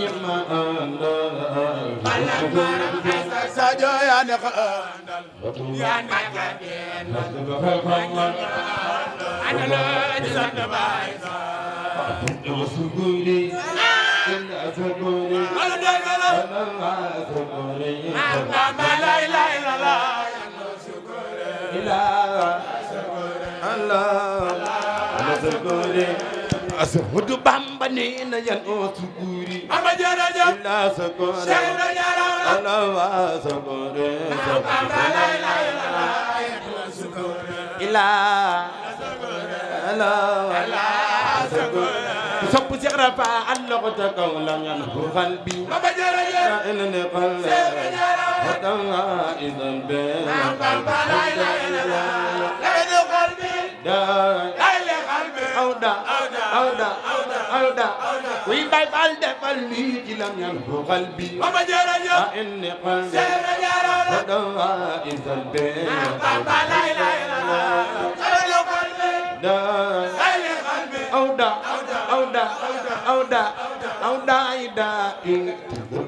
الله الله asar hudu bamba nee na yan oo sukuri ama jaraja illa sakora shayra jarawa ala wa sakora na bamba la ila ila ila sukora ila ala ala sakora sopp Cheikh Rafa an loxo ca kaw la ñan bu xal bi bamba jaraja na ina ne xal la hatanga idan ben na bamba la ila ila ila ila qalbi da awda awda awda kuy bay bal defal lii ci lam ñal bu qalbi baba jarajo inni qalbi sera jaro la dawa intal be baba la ilaha illa jarajo qalbi da ayni qalbi awda awda awda awda ida in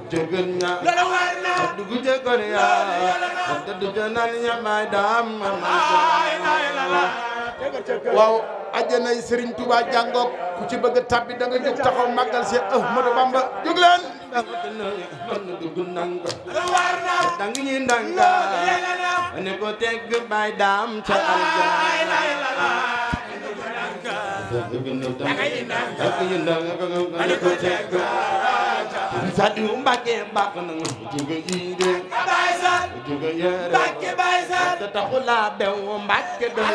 jegna la warna dugu jegor ya da du janan ya may dam ma la ilaha illa waaw ajjanay Serigne Touba jàngoog ku ci bëgg a bi da nga jóg taxaw màggal si Ahmadou Bamba jóg leen. dang ñi ndanga ne ko teg bay daam ca aljana. Sadiou Mbacké baax na nga jóge ji de. nga yére Mbàkke bay sar te taxulaa bew Mbàkke doy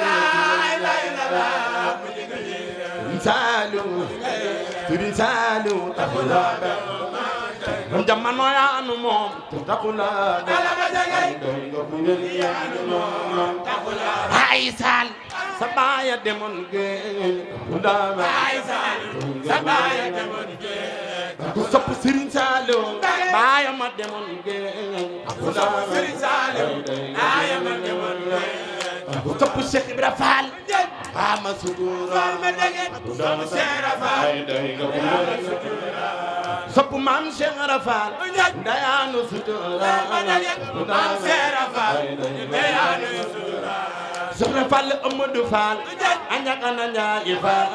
la saalu turi saalu taxulaa bew jamano yaanu moom te taxulaa bew doy nga bu ngeen yaanu moom taxulaa ay saal sa baaya demoon géej taxulaa ay saal sa baaya demoon géej ku sopp Sëriñ Saalu ayama demoon ngeen. Abdoulaye Serigne Saliou ayama demoon ngeen. bu topp Cheikh Ibra Fall. waa ma sutura. ma dege. topp Cheikh Ibra Fall. sopp maam Cheikh Ibra Fall. ndayaanu sutura. ma dege. maam Cheikh Ibra Fall. ndayaanu sutura. soxna Fall Amadou Fall. añakana Ndiaye Fall.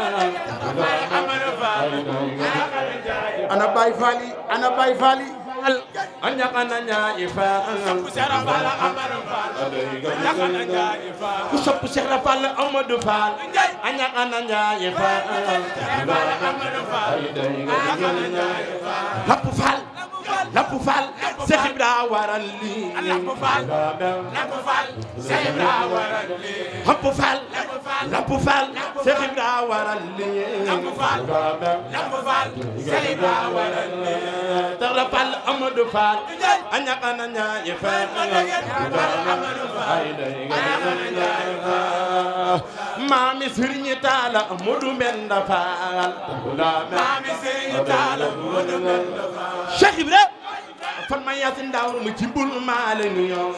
ana Baye Fall yi ana Baye Fall yi. فال أن يقنا نائفا كشب سهر فال أمر فال كشب سهر فال أمد فال أن يقنا نائفا لب فال لب فال سحب را ورن لي لب فال لب فال سحب را ورن لي لب فال Lamp Fall Cheikh Ibra waral li Lamp Fall Lamp Fall Cheikh waral li Tara Fall Amadou Fall añakana ñaayi Fall Amadou Fall añakana ñaayi Fall Maami Sëriñ Taala Amadou Mbenda Fall Maami Sëriñ Taala Amadou Mbenda Fall Cheikh Ibra farma yasin daw mu ci bul maale nu yow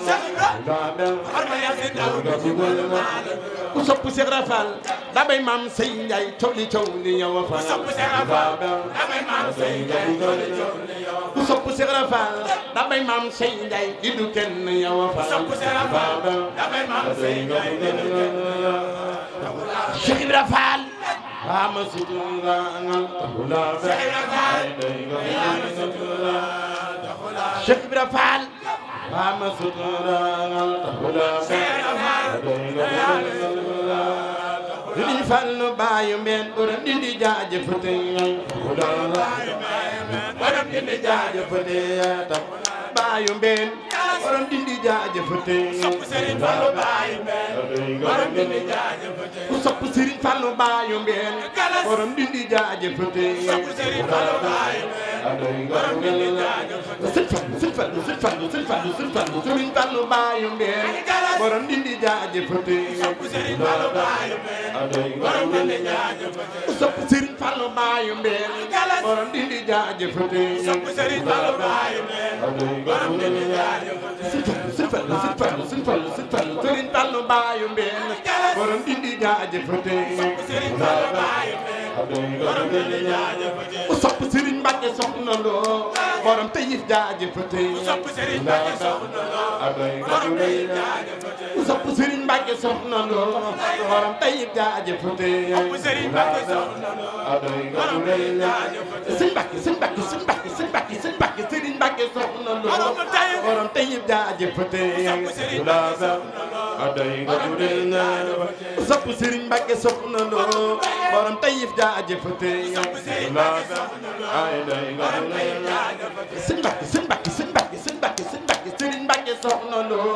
farma yasin daw mu ci bul maale ku sopp Cheikh Rafal da bay maam sey njaay cowli cow ni yow fa ku sopp Cheikh Rafal da bay maam sey njaay cowli cow ni yow ku sopp Cheikh Rafal da bay maam sey njaay idu kenn yow fa ku sopp Cheikh Rafal da bay maam sey njaay idu kenn yow fa Cheikh Rafal ama sudura ngal tahula Cheikh Rafal Cheikh Ibra Fall bama sutural taxula li fal nu bàyyu mbeen borom dindi jaajëfate borom dindi jaajëfate tam bàyyu mbeen borom dindi jaajëfate ku sopp Serigne Fallou bàyyu mbeen borom dindi jaajëfate borom di di jaajëfate sopp Serigne Fallou Baye Mbel borom di di jaajëfate sopp Serigne Fallou Baye Mbel borom di di jaajëfate sopp Serigne Fallou Baye Mbel borom di di jaajëfate sopp Serigne Fallou Baye Mbel ku sopp Serigne Mbacke soxna loo borom te yif jaajëfate ku sopp Serigne Mbacke soxna loo borom te yif jaajëfate ku sopp Serigne Mbacke soxna loo borom te yif jaajëfate ku sopp Serigne Mbacke soxna loo borom te yif jaajëfate borom tayib jaajëf tey laasa aday nga jurel ñaar sopp Serigne Mbacke sopp na loo borom tayib jaajëf tey laasa aday nga jurel ñaar Serigne Mbacke Serigne Mbacke Serigne Mbacke Serigne Mbacke Serigne Mbacke Serigne Mbacke sopp na loo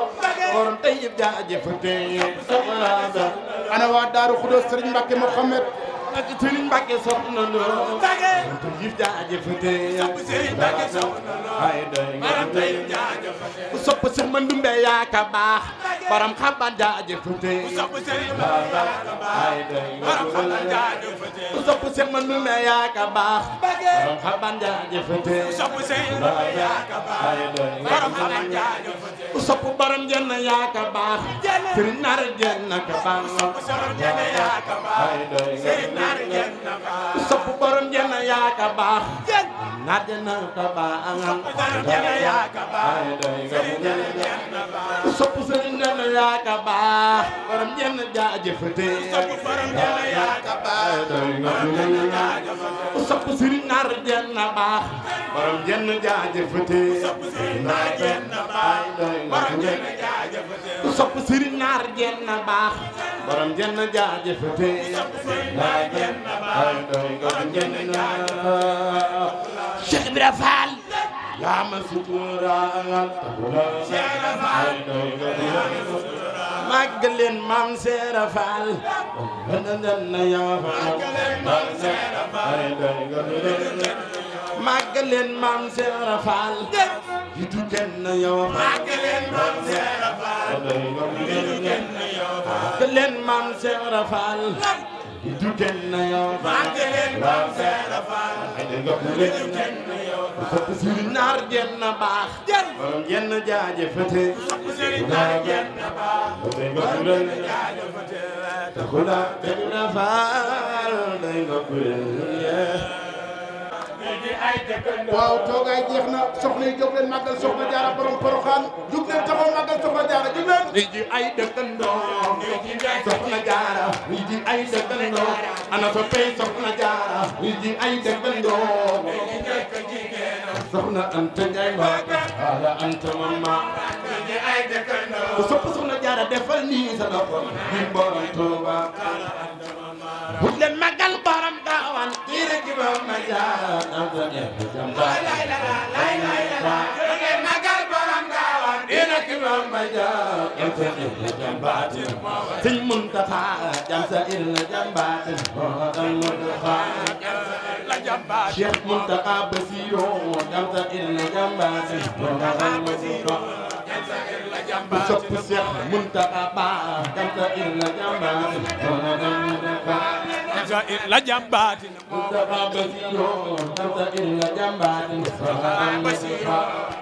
borom tayib jaajëf tey laasa ana waa Daaru Xudoos Serigne Mbacke Mouhamed ak Serigne Mbacke soxna loo Mbacke yif jaajëfate sopp Serigne Mbacke soxna loo ay doy nga sopp borom jenn yaa ka baax natinal kaba angal sopp sëriñ nena yaa kaba borom jenn jaajëfate sopp sëriñ nar jenn baax borom jenn jaajëfate sopp sëriñ nar jenn baax borom jenn jaajëfate Ibra Faal yaa ma suturaal leen maam Seera Faal na kenn yow Faal du kenn yow fànn leen maam Seera Faal du kenn yow fànn sëriñ naar jenn baax borom jenn jaajëfate sëriñ naar jenn baax borom jenn jaajëfate taxula benn faal day nga kuréel waaw toogaay jeex na soxna yi jóg leen màggal soxna jaara borom poroxaan jóg leen taxaw màggal soxna jaara jóg leen ni ji ay dëkkandoo soxna jaara ni ji ay dëkkandoo ana so pay soxna jaara ni ji ay dëkkandoo soxna anta njaay wa ala anta mama ni ji ay dëkkandoo ku sopp soxna jaara defal nii sa doxo ni borom tuuba ko def bu jàmbaar lay la lay lay la lu ne magal borom gaawaan dina ki ba ma jaa jam sa il la jambaatin sëñ Muntaxa jam sa il la jambaatin al Muntaxa jam sa il la jambaatin Cheikh Muntaxa Basiru jam sa il la jambaatin al Muntaxa bu sopp Cheikh Muntaxa ba jam sa il la jambaatin la jàmbaati Mustafa Basiru tansair la jàmbaati Mustafa Basiru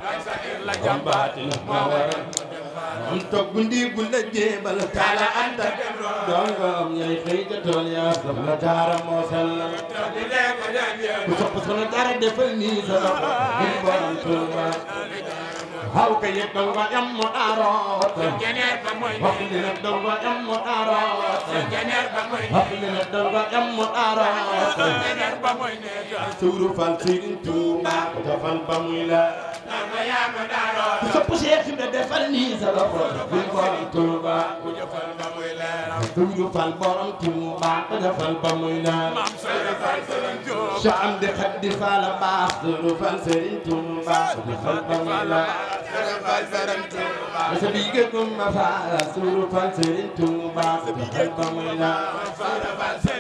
tansair la jàmbaati ma waral am toog bu ndi bu la jéebal taala anta doon nga am ñay xëy ca tool yaa saf la daara moo sell ku sopp sunu dara defal nii sa borom Tuuba haw ka yëg dong ba am mu aaroot. janjanaar ba mooy wax li la dong ba am mu aaroot. janjanaar ba mooy wax li la dong ba am mu aaroot. janjanaar ba mooy ne. suuru fan si Tuuba dafal ba muy la. naan ma yaa ma daal. sopp Cheikh Ibra defal nii sa loxo bi borom Touba ku jëfal ba muy leeram ku jëfal borom Touba ku jëfal ba muy leeram maam Seydi Fall Serigne Touba sa am di xat di fal baax du fal Serigne Touba ku jëfal ba muy leeram Seydi Fall Serigne Touba sa bi gëgum ma faala suru fal Serigne Touba ku jëfal ba muy leeram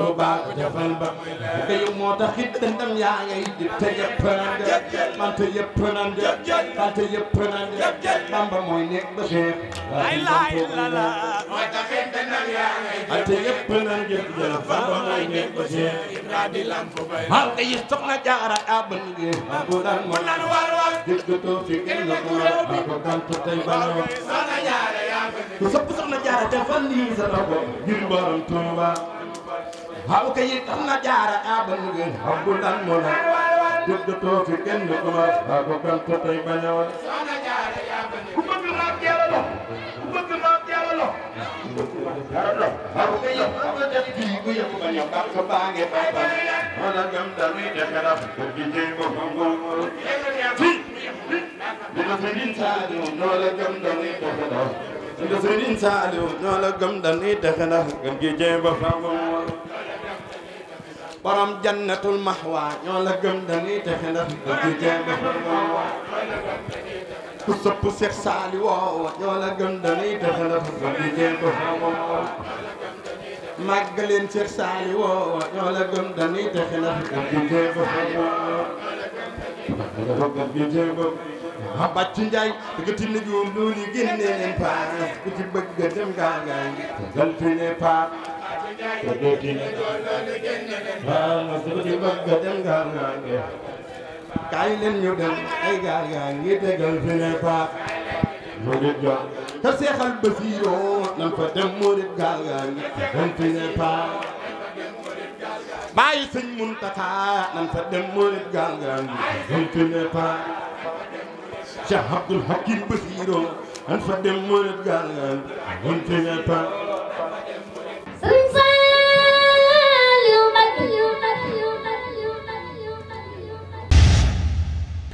Tuuba ko jëfal ba muy leer kay moo tax it dëndam yaa ngay dib te yëpp nan jëp man te yëpp nan jëp man te yëpp nan jëp Bamba mooy nekk ba xeer ay laay la la moo tax it dëndam yaa ngay dib te yëpp nan jëp Bamba mooy nekk ba xeer Ibra di lamp bay maa ngi yi soxna jaara abal ngi ko daan mo nan war war dib to fi kenn ko ko kan to tay ba soxna jaara yaa ko sopp soxna jaara defal nii sa taw ngir borom Tuuba waaw kay tam na jaara aba nugen abdulan mola tuddu to jaara ya bañ bëgg maam jaara lo bëgg maam jaara lo jaara lo waaw kay la gëm dañuy def na na gëm gi jey ba borom jannatul mahwa ñoo la gëm texe ndax ku sëpp Seex Saali woowa ñoo la gëm texe ndax ba ci jéem màggaleen Seex Saali ci a bàcc njaay dëggati nit ñi loolu yi génnee ku ci bëgg dem gaa gaa ko jootine maa ma su ci bëgg dem gaal ngaa ngi kaay leen ñu dem ay gaal yaa ngi tegal fi ne paax murid ga te seexal ba fii yoo nan fa dem murid gaal gaa ngi dem fi ne paax bàyyi sëñ Muntaxa nan fa dem murid gaal gaa ngi dem fi ne paax Cheikh Abdul Hakim Basiro nan fa dem murid gaal gaa ngi dem fi ne paax